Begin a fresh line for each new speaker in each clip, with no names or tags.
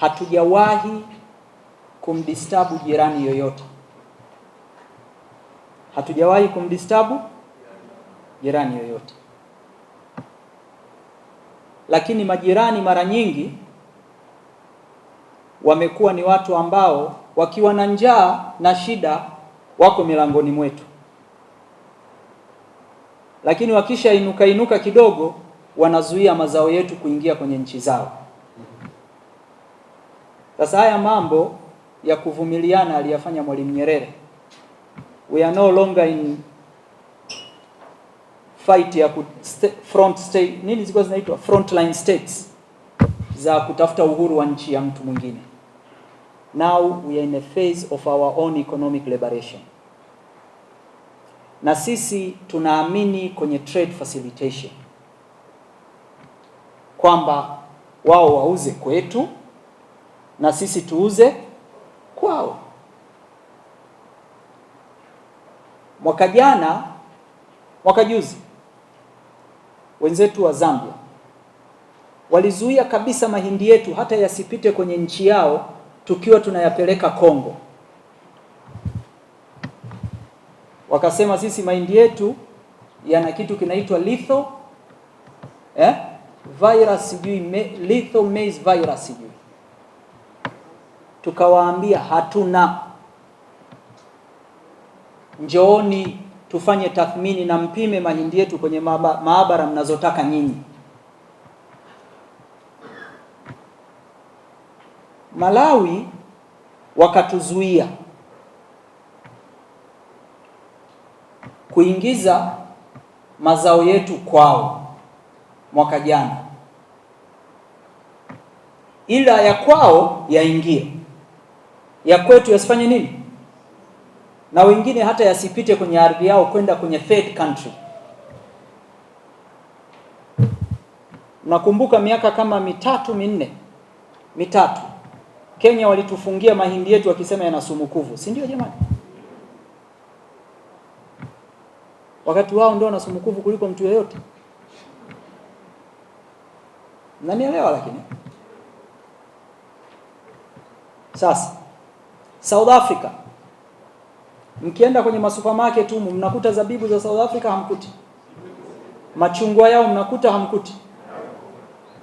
hatujawahi kumdistabu jirani yoyote, hatujawahi kumdistabu jirani yoyote. Lakini majirani mara nyingi wamekuwa ni watu ambao wakiwa na njaa na shida wako milangoni mwetu, lakini wakisha inuka inuka kidogo wanazuia mazao yetu kuingia kwenye nchi zao. Sasa haya mambo ya kuvumiliana aliyafanya Mwalimu Nyerere. We are no longer in fight ya front state, nini zilikuwa zinaitwa frontline states za kutafuta uhuru wa nchi ya mtu mwingine. Now we are in a phase of our own economic liberation, na sisi tunaamini kwenye trade facilitation kwamba wao wauze kwetu na sisi tuuze kwao. Mwaka jana, mwaka juzi, wenzetu wa Zambia walizuia kabisa mahindi yetu hata yasipite kwenye nchi yao, tukiwa tunayapeleka Kongo. Wakasema sisi mahindi yetu yana kitu kinaitwa litho eh, virus sijui, litho maize virus sijui tukawaambia hatuna. Njooni tufanye tathmini na mpime mahindi yetu kwenye maabara, mnazotaka nyinyi. Malawi wakatuzuia kuingiza mazao yetu kwao mwaka jana, ila ya kwao yaingie ya kwetu yasifanye nini, na wengine hata yasipite kwenye ardhi yao kwenda kwenye third country. Nakumbuka miaka kama mitatu minne mitatu, Kenya walitufungia mahindi yetu wakisema yana sumu kuvu, si ndio jamani? Wakati wao ndio wana sumu kuvu kuliko mtu yeyote, nanielewa Lakini sasa South Africa, mkienda kwenye masupermarket humu mnakuta zabibu za South Africa, hamkuti machungwa yao, mnakuta hamkuti.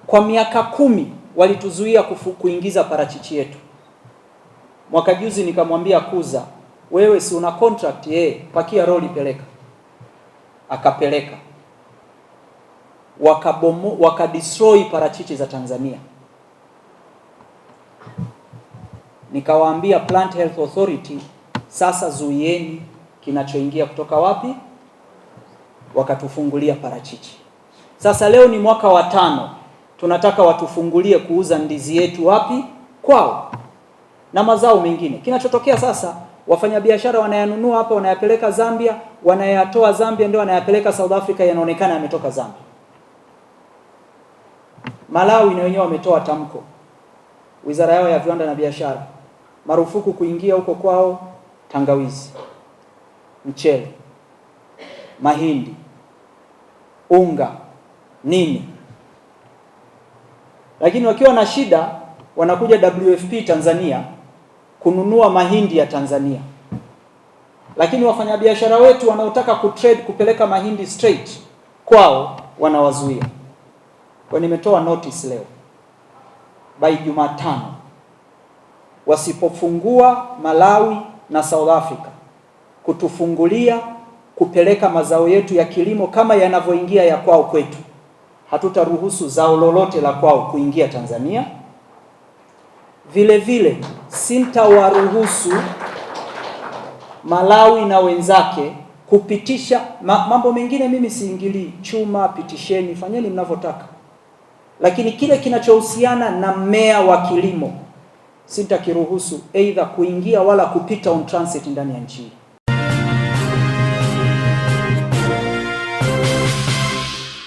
Kwa miaka kumi walituzuia kufu, kuingiza parachichi yetu. Mwaka juzi nikamwambia Kuza, wewe si una contract yeye, eh? pakia roli peleka. Akapeleka, wakabomo wakadestroy parachichi za Tanzania. nikawaambia Plant Health Authority, sasa zuieni kinachoingia kutoka wapi? Wakatufungulia parachichi. Sasa leo ni mwaka wa tano, tunataka watufungulie kuuza ndizi yetu wapi? Kwao na mazao mengine. Kinachotokea sasa, wafanyabiashara wanayanunua hapa, wanayapeleka Zambia, wanayatoa Zambia ndio wanayapeleka South Africa, yanaonekana yametoka Zambia. Malawi na wenyewe wametoa tamko, wizara yao ya viwanda na biashara marufuku kuingia huko kwao tangawizi, mchele, mahindi, unga, nini. Lakini wakiwa na shida wanakuja WFP Tanzania kununua mahindi ya Tanzania, lakini wafanyabiashara wetu wanaotaka kutrade kupeleka mahindi straight kwao wanawazuia. Kwa nimetoa notice leo by Jumatano wasipofungua Malawi na South Africa kutufungulia kupeleka mazao yetu ya kilimo kama yanavyoingia ya kwao kwetu, hatutaruhusu zao lolote la kwao kuingia Tanzania. Vile vile sintawaruhusu Malawi na wenzake kupitisha ma, mambo mengine mimi siingilii, chuma pitisheni, fanyeni mnavyotaka, lakini kile kinachohusiana na mmea wa kilimo sitakiruhusu aidha kuingia wala kupita on transit ndani ya nchi hii.